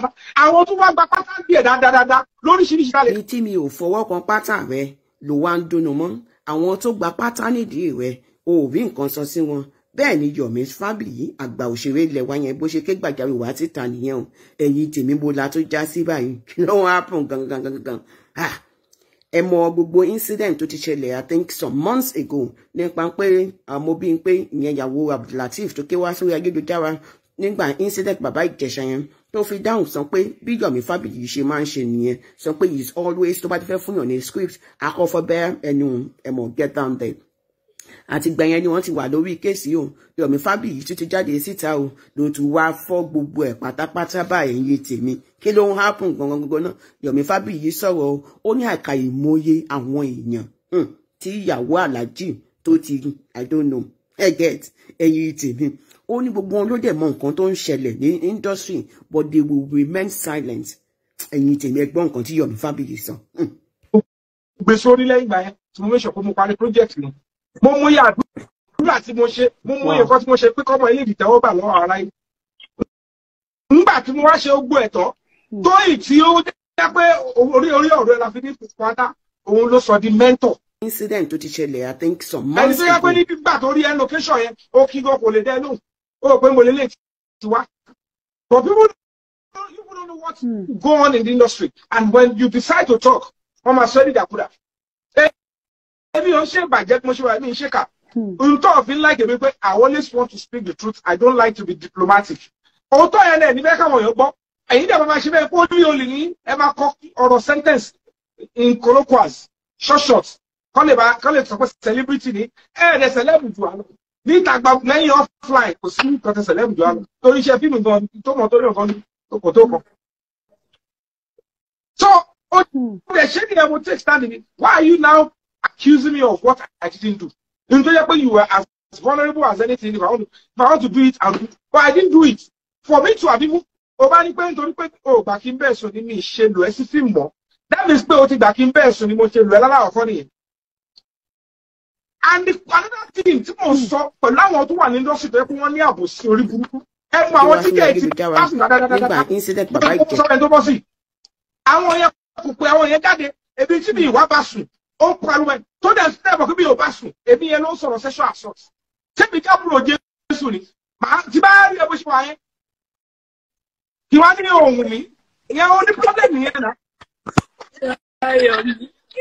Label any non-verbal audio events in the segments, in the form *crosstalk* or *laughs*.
pátápátá àwọn tó wá gba pátá bí ẹ̀ dáadáa lóríṣiríṣi lálẹ́. ní tí mi ò fọwọ́ kan pátá rẹ ló wá ń dùnnú mọ́ àwọn tó gba pátá nídìí rẹ ò bí nǹkan sọ sí wọn bẹ́ẹ̀ ni Yomi Fabiyi àgbà òṣèré ilẹ̀ wa yẹn bó ṣe ké gbàjarè wá síta nìyẹn o ẹ̀yin tèmi bo la tó já sí báyìí *laughs* kí ló gangan gangan ah! ẹ mọ gbogbo incident tó ti ṣẹlẹ̀ i think some months ago nípa pé àmọ́ bíi pé ìyẹn ìyàwó Abdulateef tó ké wá sórí ayélujára nígbà incident bàbá Ìjẹ̀ṣà yẹn tó fi dáhùn sọ pé bí Yomi Fábíyì ṣe máa ń ṣe nìyẹn sọ pé is always tó bá ti fẹ́ fún yàn ní script akọ́fọ́bẹ́ ẹnu ẹ̀mọ̀ get down there àti gbẹ̀yẹn ni wọ́n ti wà lórí kéèsì o Yomi Fábíyì tún ti jáde síta o ló ti wá fọ́ gbogbo ẹ̀ pátápátá báyìí ń yé tèmi kí ló ń hápùn gangan gangan náà Yomi Fábíyì sọ̀rọ̀ o ó ní àkàìmọye àwọn èèyàn hmm, tí ìyàwó aláàjì tó ti i don't know get ẹ̀yin tèmi ó ní gbogbo wọn ló dẹ̀ mọ nǹkan tó ń ṣẹlẹ̀ ní industry but they will remain silent ẹ̀yin tèmi ẹ gbọ́ nǹkan tí Yomi Fabiyi sọ. Hmm. gbé sórí lẹ́yìn ìgbà yẹn tí mo mẹ́sàn sure pé mo parí project mi mo mú yà àdúrà tí mo ṣe mo mú yẹ kọ́ tí mo ṣe pé kọ́mọ ilé ìtẹ́wọ́gbà lọ́wọ́ ara yìí. nígbà tí mo wá ṣe gbogbo ẹ̀tọ́ hmm. tó ì tí ó jẹ́ pé orí orí ọ̀rọ̀ ẹ̀ la fi ní pátá òun ló sọ di mentor incident to teach, ṣẹlẹ̀ i think some months ago. ẹni tó yẹ pé nígbà tó rí ẹ location yẹn ó kí gan kò lè dẹ lóhùn ó pé mo lè lè ti wá but people don't, people don't know what mm. go on in the industry and when you decide to talk wọ́n máa sọ ẹ́ nídàkúdà èmi ò ń ṣe ìbàjẹ́ mo ṣe wà mí ń ṣe kà ntọ́ òfin láìké mi pé I always want to speak the truth I don't like to be diplomatic òótọ́ yẹn náà níbẹ̀ káwọn èèyàn gbọ́ ẹ̀yin dẹ̀ máa ṣe bẹ́ẹ̀ kó ní olè ní ẹ máa kọ ọ̀rọ̀ sentence in colloquials short short kọ́lé bá kọ́lé sọ pé celebrity ni ẹ̀ẹ́dẹ̀ celeb jù àná níta gba lẹ́yìn offline kò sí nǹkan tẹ celeb jù àná torí iṣẹ́ fíìmù gan tó mọ̀ torí nǹkan kò tó kọ. so ó hmm. dẹ̀ ṣé ni ẹ̀mú take stand ni why are you now accusing me of what I didn't do? n pé you were as vulnerable as anything if I want to, if I want to do it I'll do it but I didn't do it for me to have even o bá ní pé nítorí pé o gbà kí n bẹ́ẹ̀ sùn ni mi ṣe lò ẹ́ sí fíìmù mọ́ that means pé o ti gbà kí n bẹ́ẹ̀ sùn ni mo ṣe lò ẹ́ lálàkọ́kọ́ nìyẹn and the another thing tí mò ń sọ pẹ̀lú àwọn tó wà ní industry tó yẹ kó wọ́n ní àbòsí orí burúkú ẹ mọ àwọn tíkẹ́ ti pásùn dáadáa nígbà incident bàbá ìjẹ sọ ẹni tó bọ́ sí àwọn yẹn kò pé àwọn yẹn jáde ebi tí mi ìwà bá sùn ó ń pariwo ẹ tó dẹ̀ sí ẹ̀bọ̀ kí mi ò bá sùn èmi yẹn ló ń sọ̀rọ̀ sexual assault tẹ́mi jábúrò jésù ni màá ti bá rí ẹ bó ṣe wà yẹn kí wọ́n á ní ohun mi ìyẹn ó ní problem yẹn náà.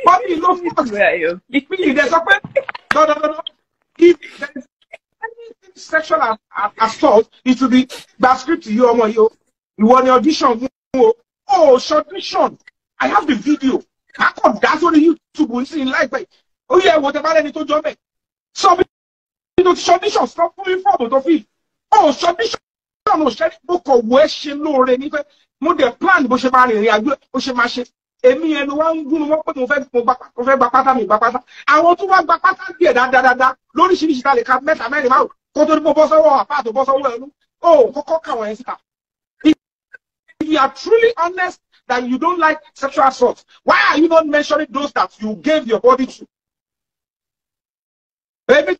Bọ́mí ló fún ọ̀sẹ̀. Ìpínlẹ̀ ìdẹ́sọ pé sexual assault it will be gba to you, ọmọ yìí o ìwọ ni audition fún o o ṣe audition i have the video akọ dá sórí youtube ń sìn láìpẹ́ ó yẹ ẹwọ tẹ bá lẹni tó jọ bẹ sọ bí tó ti ṣe audition sọ fún mi fọọmù tó fi o ṣe audition ọ̀nà òṣèré mo kọ̀ wọ́ ẹ ṣe lóore ní pé mo dẹ̀ plan bó ṣe máa rìnrìn àjò bó ṣe máa ṣe èmi ẹnu wa ń gún mi wọ́n pé mo fẹ́ mo fẹ́ gba pátá mi gba pátá àwọn tó wá gba pátá díẹ̀ dáadáa lóríṣiríṣi ta lè ka mẹ́ta mẹ́rin márùn kó tó dípò bọ́sọ́wọ́ àpá àtò bọ́sọ́wọ́ ẹnu ó kọ́kọ́ kàwọn ẹ̀ síta. If you are truly honest that you don't like sexual assault, why are you not mentioning those that you gave your body to? Bẹ́ẹ̀ni,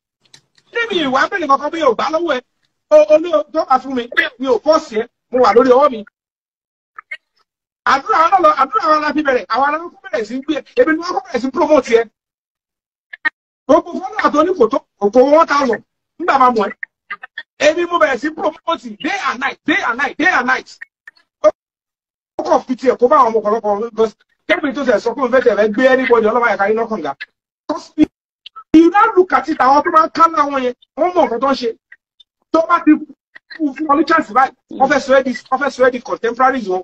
níbi ìwà abẹ́lẹ̀ kankan bí Yorùbá lọ́wọ́ ẹ̀, olú tọ́ka fún mi, mi ò fọ́ọ̀sì ẹ̀, mo wà lórí ọwọ́ mi. Àdúrà àwọn ọlọ́ àdúrà àwọn alábí bẹ̀rẹ̀, àwọn alábí bẹ̀rẹ̀ sí ń gbé ẹ̀, ebi ni wọ́n kọ́ bẹ̀rẹ̀ sí ń promote ẹ̀. Gbogbo fọ́nà àtọ́ ní kò tó kò one thousand nígbà máa mọ̀ ẹ́ èmi mo bẹ̀rẹ̀ sí promoting day and night day and night day and night ó kọ̀ fi tiẹ̀ kó bá àwọn ọmọkọlọpọ kẹ́mi tó sẹ̀ sọ pé mo fẹ́ tẹ̀lé gbé anybody ọlọ́wọ́ ẹ̀ka iná kànga ìlà lùkàtì tàwọn tó máa ń ká láwọn yẹn wọ́n mọ̀ nǹkan tó ń ṣe tó bá ti kú fún ọ ní chance báyìí wọ́n fẹ́ sọ ẹ́ wọ́n fẹ́ sọ ẹ́ di contemporaries wọn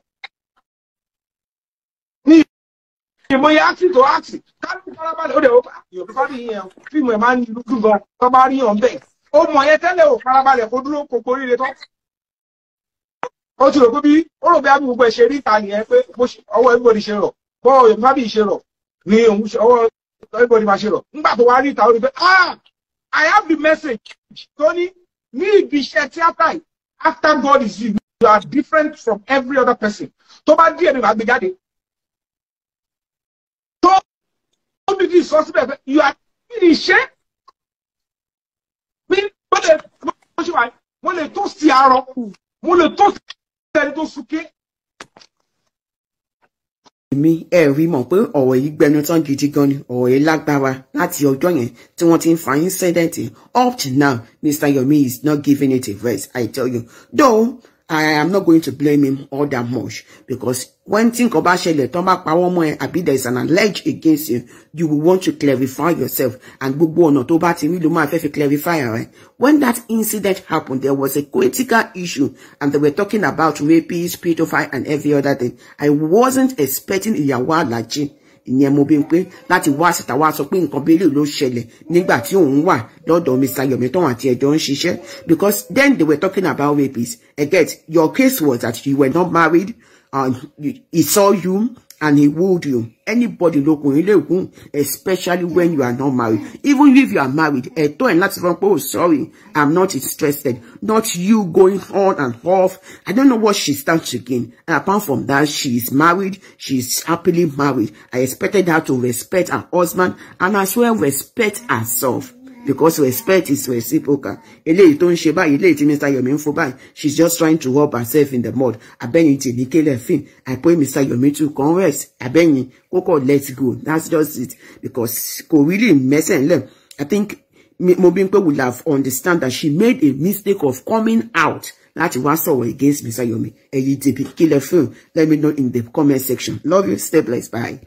ìmọ̀ yẹn áàtì tó áàtì kálukú farabalẹ̀ ó dẹ̀ ó bá yọ̀bí bá yẹn fíìmù ẹ̀ máa ń ní irú gbùngbọ̀n tó bá rí yàn bẹ́ẹ̀ ó mọ̀ yẹn tẹ́lẹ̀ ò farabalẹ̀ kó dúró kò kórìí retọ́ ó ti rò pé bí ó rò bí abí gbogbo ẹ̀ ṣe rí ìta nìyẹn pé ọwọ́ everybody ṣe rọ̀ bọ́ọ̀ yorùbá bí ṣe rọ̀ ni ọwọ́ everybody máa ṣe rọ̀ nígbà tó wá rí ìta ó rí pé ah I have the message tó ní ní ibi iṣẹ́ tíátà yìí after God is you you are different from every other person tó bá díẹ̀ mi máa gbé jáde tó ó bí kì í sọ síbẹ̀ pé you are iṣẹ́ arọ mo lè tó sẹ́ni tó súnké. èmi ẹ rí mọ̀ pé ọ̀rọ̀ yìí gbẹnu tán gidi gan ni ọ̀rọ̀ yìí lágbára láti ọjọ́ yẹn tí wọ́n ti ń fa incident up to now Mr. Yomi is not giving it a rest I tell you though I am not going to blame him all that much because when think about Shele, Tomba Pawomo, Abi, there is an alleged against him, you will want to clarify yourself. And about Gbogbo You Toba Timiluma to clarify, right? When that incident happened, there was a critical issue and they were talking about rapists, pedophile, and every other thing. I wasn't expecting like Lachi ìyẹn mo bí pé láti wá síta wá sọ pé nǹkan bíi ló ṣẹlẹ̀ nígbà tí òun wà lọ́dọ̀ Mr. Yomi tóun àti ẹ̀jọ́ ń ṣiṣẹ́ because then they were talking about rapists again your case was that you were not married and he saw you and he wooed you. Anybody lọkùnrin lè gún especially when you are not married. Even if you are married, ẹ̀tọ́ ẹ̀ láti sọ pé oh sorry, I'm not interested. Not you going on and off. I don't know what she stands again. And apart from that, she is married. She is happily married. I expected her to respect her husband and as well respect herself because respect is reciprocal eléyìí tó ń ṣe báyìí eléyìí tí Mr. Yomi ń fo báyìí she is just trying to rub herself in the mud abẹ́yìn tèmi kélẹ̀ fin I pray Mr. Yomi to converse abẹ́yìn kókò let go that's just it because kò really mẹ́sẹ̀ ńlẹ̀ I think Mobimpe would have understand that she made a mistake of coming out láti wá sọ̀rọ̀ against Mr. Yomi ẹ̀yìn tèmi kélẹ̀ fin let me know in the comment section love you stay blessed bye.